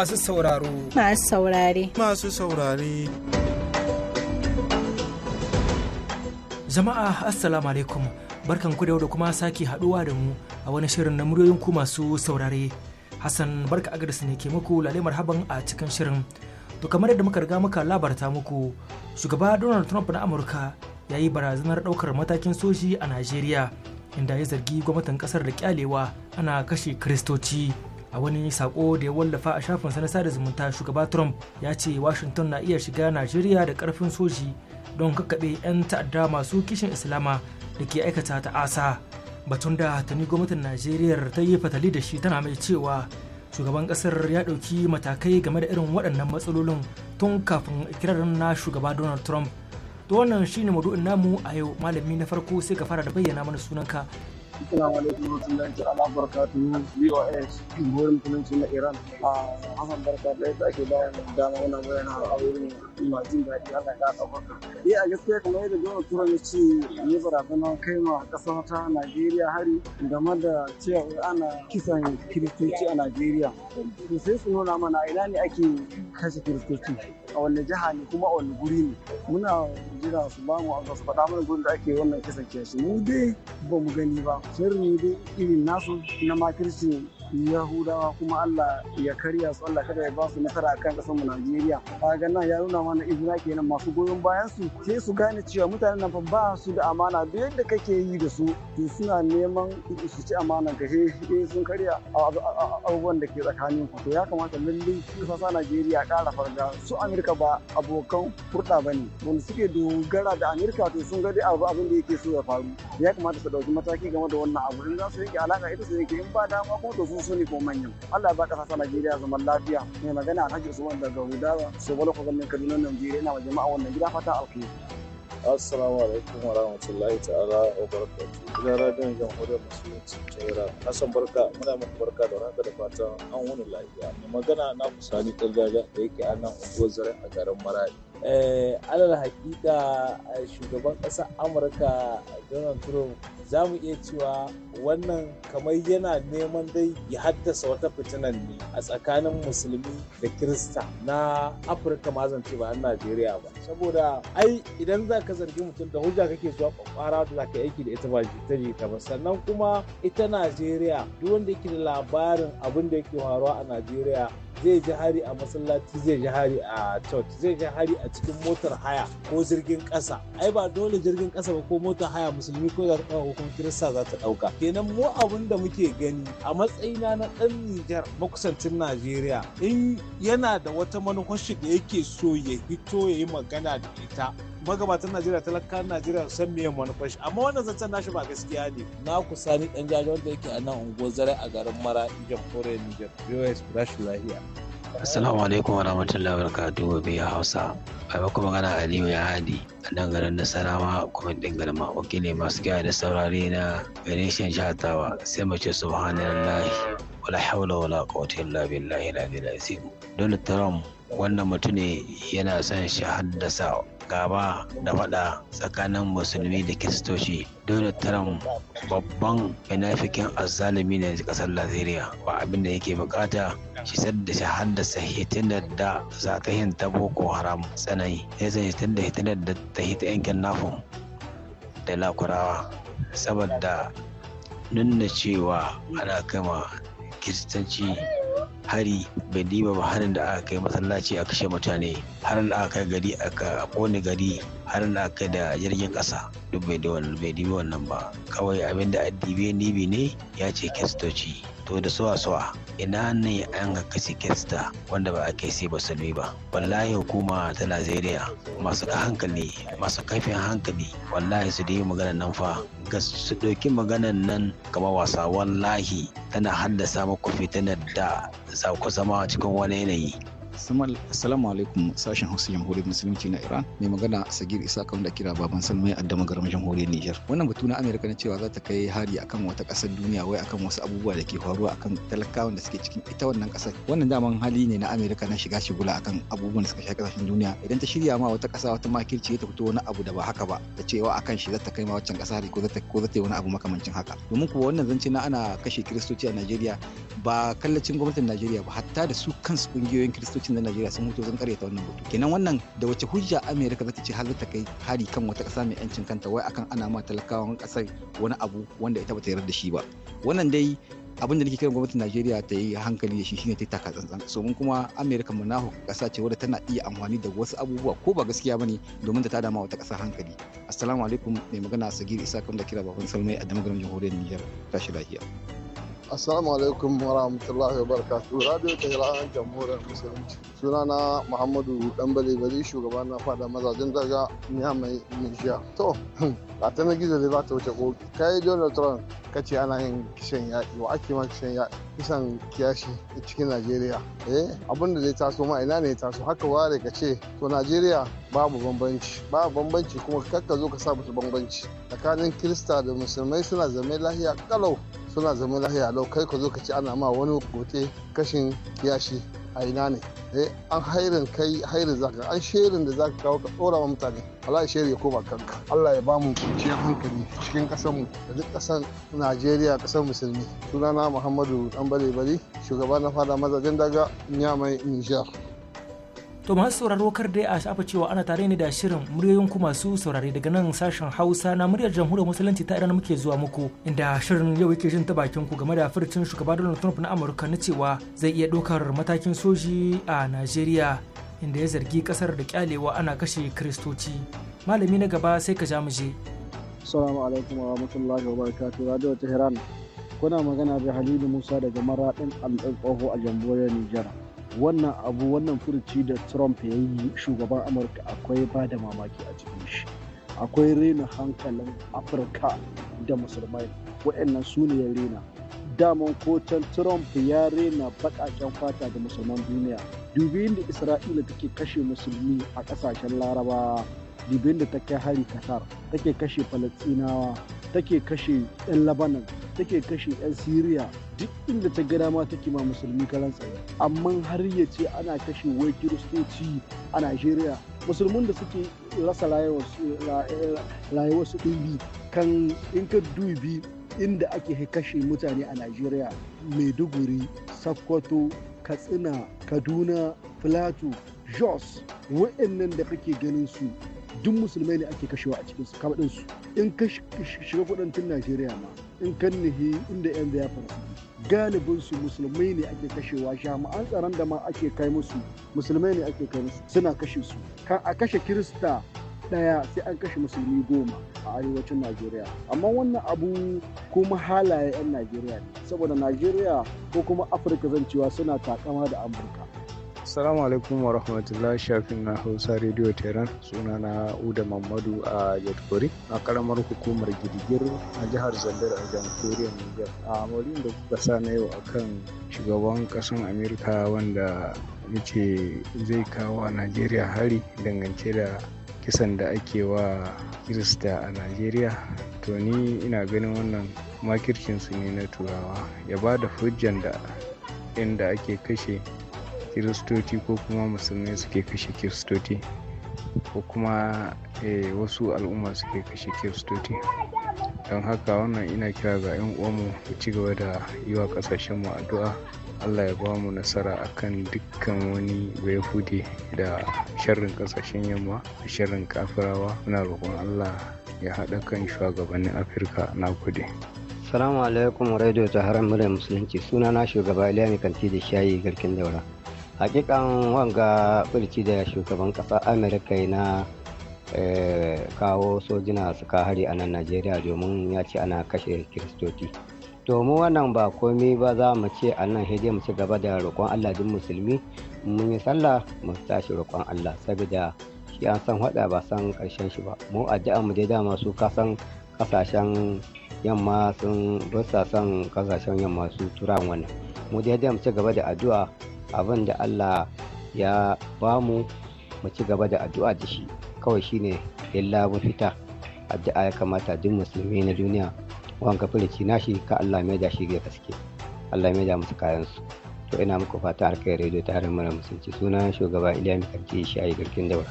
masu sauraro. Masu saurare. Masu saurare. Jama'a Assalamu alaikum barkan ku da kuma sake haduwa da mu a wani shirin na muryoyin ku masu saurare. Hassan barka agarsu ne ke muku lale marhaban a cikin shirin. To kamar yadda muka riga muka labarta muku shugaba Donald Trump na Amurka ya yi barazanar daukar matakin soji a Najeriya inda ya zargi gwamnatin kasar da kyalewa ana kashe kiristoci. a wani sako da ya wallafa a shafin na sada zumunta shugaba trump ya ce washington na iya shiga najeriya da karfin soji don kakaɓe 'yan ta'adda masu kishin islama da ke aikata ta'asa batun da tuni gwamnatin najeriya ta yi fatali da shi tana mai cewa shugaban kasar ya ɗauki matakai game da irin waɗannan matsalolin tun kafin ikirarin na shugaba donald trump to wannan shine maudu'in namu a yau malami na farko sai ka fara da bayyana mana sunanka Assalamu alaikum warahmatullahi ta'ala barakatuhu BOS burin mutunci na Iran a ah, Hassan Barka da ake bayan dama muna bayyana a wurin ina jin Allah ya tsabaka. Eh a gaskiya kamar yadda Donald Trump ya ce ya barazana kai ma ƙasar ta Najeriya hari game da cewa ana kisan kiristoci a Najeriya. To sai su nuna mana ina ne ake kashe kiristoci a wanne jiha ne kuma a wanne guri ne. Muna jira su bamu a su faɗa mana gurin da ake wannan kisan kiyashi mu dai ba mu gani ba ser midi idi nasu nama kristiyan yahudawa kuma allah ya karya su allah kada ya ba su nasara akan kasar mu najeriya kaga nan ya nuna mana izina kenan masu goyon bayan su sai su gane cewa mutanen nan fa ba su da amana duk yadda kake yi da su to suna neman su ci amana ka he eh, eh, sun karya abubuwan da ke tsakanin ku to ya kamata lallai su fasa najeriya kara farga su amurka ba abokan furɗa ba ne wanda suke dogara da amurka to sun ga dai abu abin da yake so ya faru ya kamata su dauki mataki game da wannan abu in za su yanke alaka ita su yake in ba dama kuma to su kuma su ne ko manyan Allah ya ba kasa Najeriya zaman lafiya mai magana Alhaji Usman daga Hudawa Sobolo ko gamin Kaduna Najeriya na wa jama'a wannan gida fata alkhairi Assalamu alaikum wa rahmatullahi ta'ala wa barakatuh. Gidan radiyon jamhuriyar musulunci ta Iran. Hassan barka muna muku barka da haka da fatan an wuni lafiya. Mai magana na ni Ɗan da yake a nan unguwar zaren a garin Maradi. Eh, alal hakika eh, shugaban ƙasar amurka donald trump za mu iya cewa wannan kamar yana neman dai ya haddasa wata fitinan ne a tsakanin musulmi da kirista na afirka mazance ba na najeriya ba saboda ai idan za ka zargi mutum da hujja kake zuwa kwakwara da za ka aiki da ita ba ta ta ba sannan kuma ita najeriya duk wanda yake da labarin abin da yake faruwa a najeriya zai ji hari a masallaci zai ji hari a church zai ji hari a cikin motar haya ko jirgin ƙasa ai ba dole jirgin ƙasa ba ko motar haya musulmi ko za ta ko kuma kirista za ta ɗauka kenan mu abin da muke gani a matsayina na ɗan Nijar makusancin Najeriya in yana da wata manufashi da yake so ya hito ya yi magana da ita magabatan najeriya talakan najeriya san me manufashi amma wannan zancen nashi ba gaskiya ne na kusa ni dan jaji wanda yake a nan unguwar zare a garin mara ijan kore niger bos rashin lahiya Assalamu alaikum wa rahmatullahi wa barakatuhu bi Hausa. Bai maka magana Aliyu ya hadi a nan garin Nasarawa kuma din garin Makoki ne masu kiyaye da saurare na Venetian Shatawa sai mu ce subhanallahi wala hawla wala quwwata illa billahi la ilaha illa Donald Trump wannan mutum ne yana son shi haddasa gaba da faɗa tsakanin musulmi da kiristoci donald trump babban benafikin azzalumi ne kasar najeriya ba abin da yake bukata shi da haddasa hitinar da za ta hinta boko haram tsanani ya zai hitar da hitinar da ta hita yankin nafu da lakurawa saboda nuna cewa ana kama kiristanci hari bai diba ba harin da aka kai masallaci a kashe mutane harin da aka kai gari aka kone gari harin da aka kai da jirgin kasa duk bai diba wannan ba kawai abin da addibe nibi ne ya ce kistoci to da suwa suwa ina ne an ga kashe kesta wanda ba a kai sai ba sani ba wallahi hukuma ta najeriya masu hankali masu kaifin hankali wallahi su da yi maganar nan fa su ɗauki maganar nan kamar wasa wallahi tana haddasa muku fitinar da za ku zama cikin wani yanayi Assalamu alaikum sashen Hausa Jamhuriyar Musulunci na Iran mai magana Sagir Isa kan da kira baban san mai addama garin Jamhuriyar Niger. Wannan batu na Amerika na cewa za ta kai hari akan wata ƙasar duniya wai akan wasu abubuwa da ke faruwa akan talakawan da suke cikin ita wannan ƙasar. Wannan daman hali ne na Amerika na shiga shigula akan abubuwan da suka shafi ƙasashen duniya. Idan ta shirya ma wata ƙasa wata makirci ta fito wani abu da ba haka ba ta cewa akan shi za ta kai ma waccan ƙasa hari ko za ta ko za ta yi wani abu makamancin haka. Domin kuwa wannan zance na ana kashe kiristoci a Najeriya ba kallacin gwamnatin Najeriya ba hatta da su kansu ƙungiyoyin kiristoci gwamnatin da Najeriya sun mutu sun karyata wannan batu kenan wannan da wace hujja Amerika za ta ce har ta kai hari kan wata ƙasa mai yancin kanta wai akan ana ma talakawan ƙasar wani abu wanda ita bata yarda da shi ba wannan dai abin da nake kiran gwamnatin Najeriya ta yi hankali da shi shine ta taka tsantsan so mun kuma Amerika mu nahu kasa ce wadda tana iya amfani da wasu abubuwa ko ba gaskiya bane domin ta tada ma wata ƙasa hankali assalamu alaikum mai magana Sagir Isa kan da kira baban Salmai a damagaram jamhuriyar Niger tashi lafiya Assalamu alaikum wa rahmatullahi wa barakatuh. Radio Tehran Jamhuriyar Musulunci. Sunana Muhammadu Dambale bali, shugaban na fada mazajen daga mai Nijiya. To, a [CLEARS THROAT] ta na gizo zai ba ta wuce koki. Kai Donald Trump ka ce ana yin kishin yaƙi wa ake ma kishin yaƙi kisan kiyashi cikin Najeriya. Eh, abin da zai taso ma ina ne taso haka ware ka ce to Najeriya babu bambanci babu bambanci kuma kakka zo ka sa musu bambanci tsakanin kirista da musulmai suna zama lahiya kalau suna zama lahiya lau kai ka zo ka ci ana ma wani gote kashin yashi a ina ne eh an hairin kai hairin zaka an sherin da zaka kawo ka dora wa mutane Allah ya shirye ko ba kanka Allah ya bamu kwanciyar hankali cikin kasar mu da duk kasar Najeriya kasar musulmi sunana Muhammadu Dan Bale Bali shugaba na fada mazajen daga Nyamai Niger To masu sauraro kar dai a shafa cewa ana tare ne da shirin muryoyin ku masu saurare daga nan sashen Hausa na muryar Jamhuriyar Musulunci ta Iran muke zuwa muku inda shirin yau yake jin ta bakin ku game da furcin shugaba Donald Trump na Amurka na cewa zai iya ɗaukar matakin soji a nigeria inda ya zargi kasar da kyalewa ana kashe Kiristoci. Malami na gaba sai ka ja mu je. alaikum wa rahmatullahi wa barakatuh. Radio Tehran. Kuna magana da Halilu Musa daga Maraɗin Al'Ƙoho a jamhuriyar Nijar. wannan abu wannan furuci da trump ya yi shugaban amurka akwai ba da mamaki a cikin shi akwai rena hankalin afirka da musulmai waɗannan su ne ya rena daman kotan trump ya rena baƙaƙen fata da musulman duniya dubi inda isra'ila take kashe musulmi a ƙasashen larabawa dibin da ta kai hari qatar take kashe falastinawa take kashe 'yan labanan take kashe 'yan siriya duk inda ta gada ma take ma musulmi karan tsaye amma har ya ce ana kashe wai kiristoci a najeriya musulmin da suke rasa rayuwarsu ɗumbi kan in ka dubi inda ake kashe mutane a najeriya maiduguri sakkwato katsina kaduna filato jos wa'annan da kake ganin su duk musulmai ne ake kashewa a cikinsu kama ɗinsu in ka shiga kudancin najeriya ma in kan nihi inda yan ya farfaɗi galibinsu musulmai ne ake kashewa jami'an tsaron da ma ake kai musu musulmai ne ake kai musu suna kashe su kan a kashe kirista daya sai an kashe musulmi goma a arewacin najeriya amma wannan abu kuma halaye 'yan najeriya ne saboda najeriya ko kuma afirka zancewa suna takama da amurka Assalamu alaikum wa rahmatullah shafin na Hausa Radio Tehran suna na Uda Mamadu a Yadkori a karamar hukumar Girgir a jihar Zandar a jamhuriyar Niger. A maurin da kuka sa na yau akan shugaban kasan Amerika wanda yake zai kawo a Najeriya hari dangance da kisan da ake wa Kirista a Najeriya. To ni ina ganin wannan makircinsu ne na turawa ya ba da hujjan da inda ake kashe kiristoci ko kuma musulmai suke kashe kiristoci ko kuma eh, wasu al'umma suke kashe kiristoci don haka wannan ina kira ga 'yan uwanmu mu ci gaba da yi wa kasashenmu addu'a allah ya ba mu nasara akan dukkan wani hude da sharrin kasashen yamma da sharrin kafirawa muna roƙon allah ya haɗa kan shugabannin afirka na kudi salamu alaikum radio ta haram muryar musulunci suna na shugaba iliya mai kanti da shayi garkin daura hakikan wanga birki da shugaban kasa amerika na eh, kawo sojina suka hari a nan najeriya domin ya ce ana kashe kiristoci to mu wannan ba komi ba za mu ce a nan hede mu ci gaba da roƙon allah din musulmi mun yi sallah mu tashi roƙon allah saboda shi an san hada ba san ƙarshen shi ba mu addu'a mu dai dama su kasan kasashen yamma sun bursa kasashen yamma su turan wannan mu dai mu ci gaba da addu'a abin da Allah ya bamu mu ci gaba da addu'a da shi kawai shine illa mafita addu'a ya kamata duk musulmi na duniya wanka na shi? ka Allah mai da shi ga gaske Allah mai da musu kayan su to ina muku fata alkai rediyo ta harin mara musulci sunan shugaba Iliya a yi garkin daura.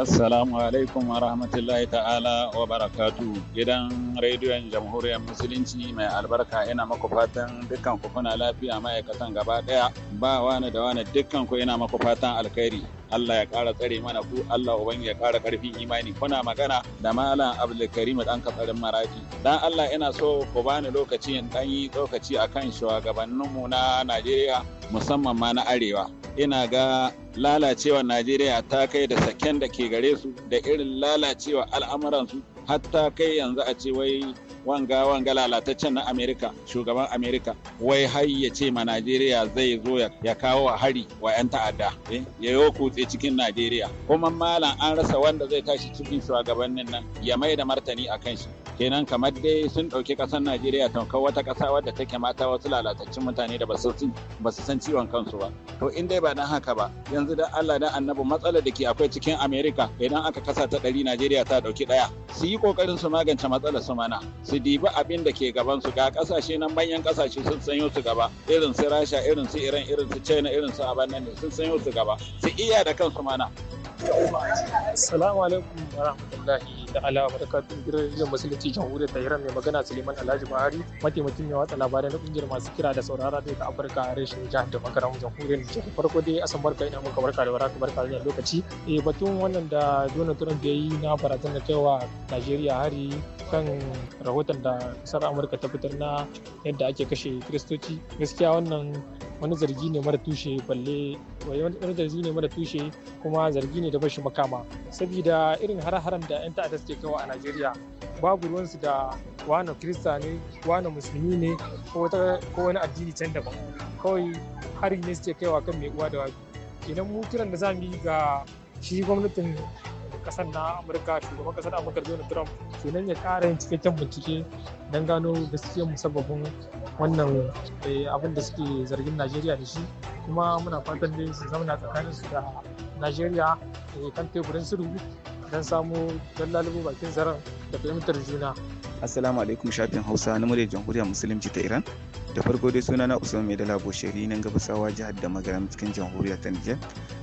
Assalamu alaikum wa rahmatullahi ta'ala wa barakatu gidan rediyon jamhuriyar musulunci mai albarka ina maku fatan dukkan ku kuna lafiya ma'aikatan gaba daya ba wani da wani dukkan ku ina maku fatan alkhairi Allah ya ƙara tsare mana ku Allah uban ya ƙara ƙarfin imani kuna magana da malam Abdulkarim dan katsarin Maraji dan Allah yana so ku bani lokaci in dan yi lokaci akan mu na Najeriya musamman ma na Arewa ina ga lalacewar Najeriya ta kai da saken da ke gare su da irin lalacewa al'amuransu hatta kai yanzu a ce wai wanga wanga lalataccen na amerika shugaban amerika wai har ya ce ma najeriya zai zo ya kawo hari wa 'yan ta'adda eh, ya yi kutse cikin najeriya kuma malam an rasa wanda zai tashi cikin shugabannin nan ya mai da martani a kan shi kenan kamar dai sun ɗauki ƙasar najeriya kawo wata ƙasa wadda take mata wasu lalatacin mutane da ba su san ciwon kansu ba to in dai ba dan haka ba yanzu da allah da annabi matsalar da ke akwai cikin america idan aka kasa ta ɗari najeriya ta ɗauki ɗaya su yi ƙoƙarin su magance matsalar su mana su dibi abin da ke gaban su ga ƙasashe nan manyan ƙasashe sun sanyo su gaba irin su rasha irin su iran irin su china irin su abannan sun sanyo su gaba su iya da kansu mana Assalamu alaikum wa rahmatullahi da ala barakatun gidan rijiyar musulunci jamhuriyar Tehran mai magana Suleiman Alhaji Buhari mataimakin mai watsa labarai na kungiyar masu kira da saurara daga Afirka a rashin jihar da makaram jamhuriyar Nijar. Farko dai asan barka ina muka barka da waraka barka da lokaci. Eh batun wannan da Donald Trump ya yi na barazan da kaiwa Najeriya hari kan rahoton da kasar Amurka ta fitar na yadda ake kashe Kiristoci. Gaskiya wannan wani zargi ne mara tushe balle wani zargi ne mara tushe kuma zargi ne ne da bashi makama saboda irin har-haren da 'yan ta'adda suke kawo a najeriya babu ruwansu da wani krista ne wani musulmi ne ko wani addini can daban kawai hari ne suke kaiwa kan mai uwa da wabi idan mu kiran da za mu yi ga shi gwamnatin kasar na amurka shugaban kasar amurka donald trump kenan ya kara yin cikakken bincike don gano gaskiyar musabbabin wannan eh, abin da suke zargin najeriya da shi kuma muna fatan dai su zauna tsakanin su da najeriya eh, kan teburin rubu don samu don lalubu bakin zaren da fahimtar juna assalamu alaikum shafin hausa na murya jamhuriyar musulunci ta iran da farko dai suna na usman mai dala bosheri nan gabasawa jihar da magaram cikin jamhuriyar ta nijar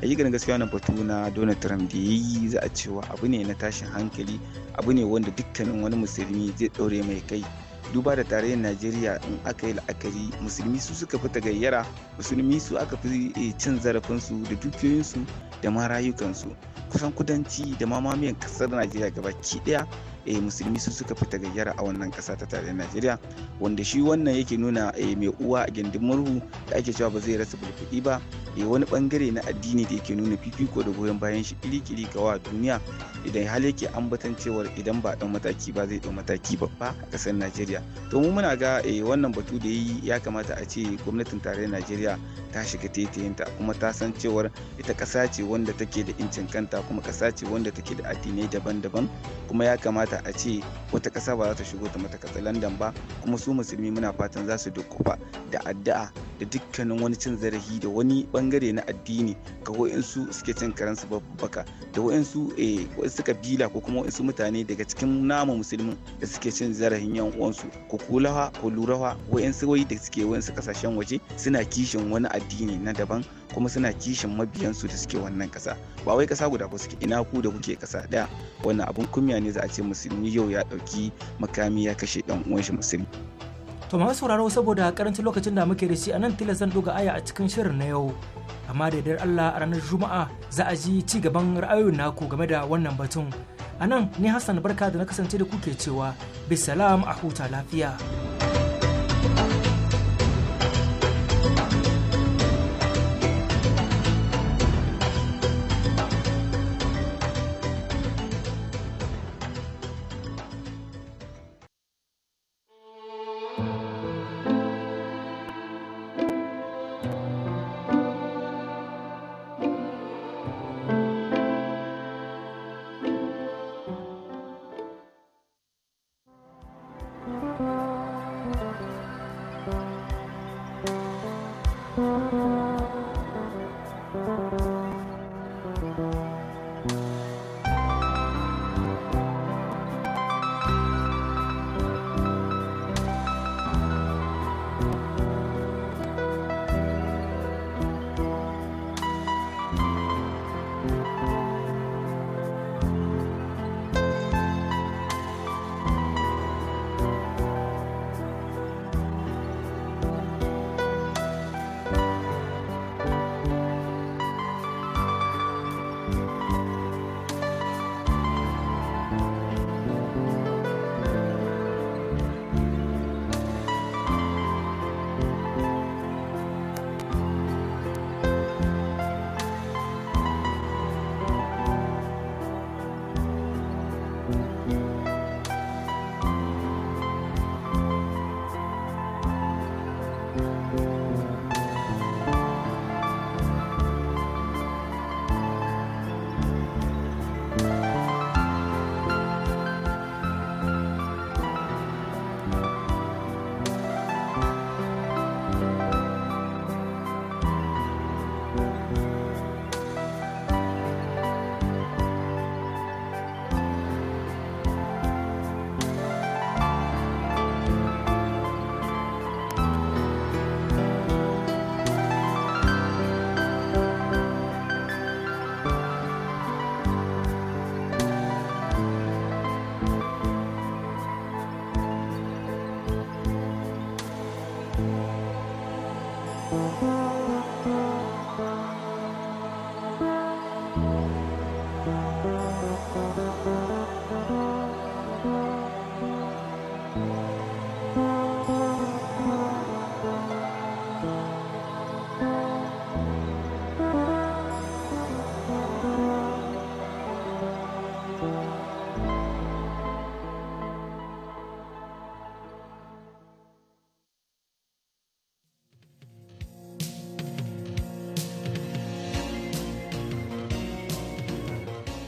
ayyukan gaskiya na batu na donald trump da ya yi za a cewa abu ne na tashin hankali abu ne wanda dukkanin wani musulmi zai ɗaure mai kai duba da tarayyar najeriya in aka yi la'akari musulmi su suka fi tagayyara musulmi su aka fi eh, cin zarafinsu da dukiyoyinsu da ma rayukansu kusan kudanci da mamamiyan kasar najeriya gabaki daya eh, musulmi su suka fita gayyara a wannan kasa ta tare najeriya wanda shi wannan yake nuna eh, mai uwa a gindin murhu da ake cewa ba zai rasa bulfuɗi ba eh, wani bangare na addini da yake nuna fifiko da goyon bayan shi kiri-kiri wa duniya idan hal yake ambatan cewar idan ba ɗan mataki ba zai ɗan mataki babba a kasar najeriya to mu muna ga eh, wannan batu da yi ya kamata a ce gwamnatin tarayyar najeriya ta shiga taitayinta kuma ta san cewar ita kasa ce wanda take da incin kanta kuma kasa ce wanda take da addinai daban-daban kuma ya kamata kamata a ce wata ƙasa ba za ta shigo ta mata London ba kuma su musulmi muna fatan za su dukkufa da addu'a da dukkanin wani cin zarafi da wani bangare na addini ga wa'insu suke cin karansu babbaka da wa'insu eh, wa'insu kabila ko kuma wa'insu mutane daga cikin namu musulmin da suke cin zarafin yan uwansu ko kulawa ko lurawa wa'insu wai da suke wa'insu kasashen waje suna kishin wani addini na daban kuma suna kishin mabiyansu da suke wannan kasa ba wai kasa guda ba suke ina ku da kuke kasa daya wannan abun kunya ne za a ce musulmi yau ya dauki makami ya kashe dan uwan shi musulmi to ma sauraro saboda karancin lokacin da muke da shi anan nan tilas zan doga aya a cikin shirin na yau amma da yardar Allah a ranar Juma'a za a ji ci gaban ra'ayoyin naku game da wannan batun anan nan ni Hassan barka da na kasance da kuke cewa bisalam a huta lafiya.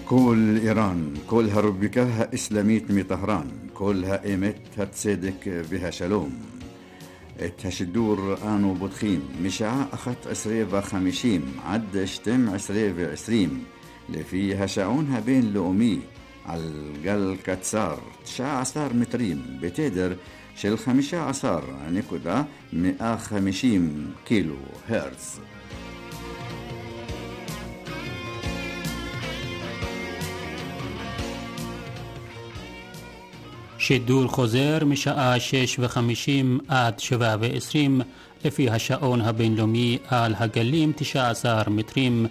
كل إيران كلها ربكها إسلاميت مي طهران كلها إيمت هتسيدك بها شلوم الدور آنو بطخيم مشاع أخت عسرية وخمشيم عد شتم عسرية وعسريم لفيها شعونها بين لؤمي على كتسار تشاع عصار متريم بتدر عصار نكودا مئة خمشيم كيلو هرتز چه دور خوزر میشه شش و خمیشیم اد شوه و اسریم افی ها بینلومی آل ها گلیم تیشه متریم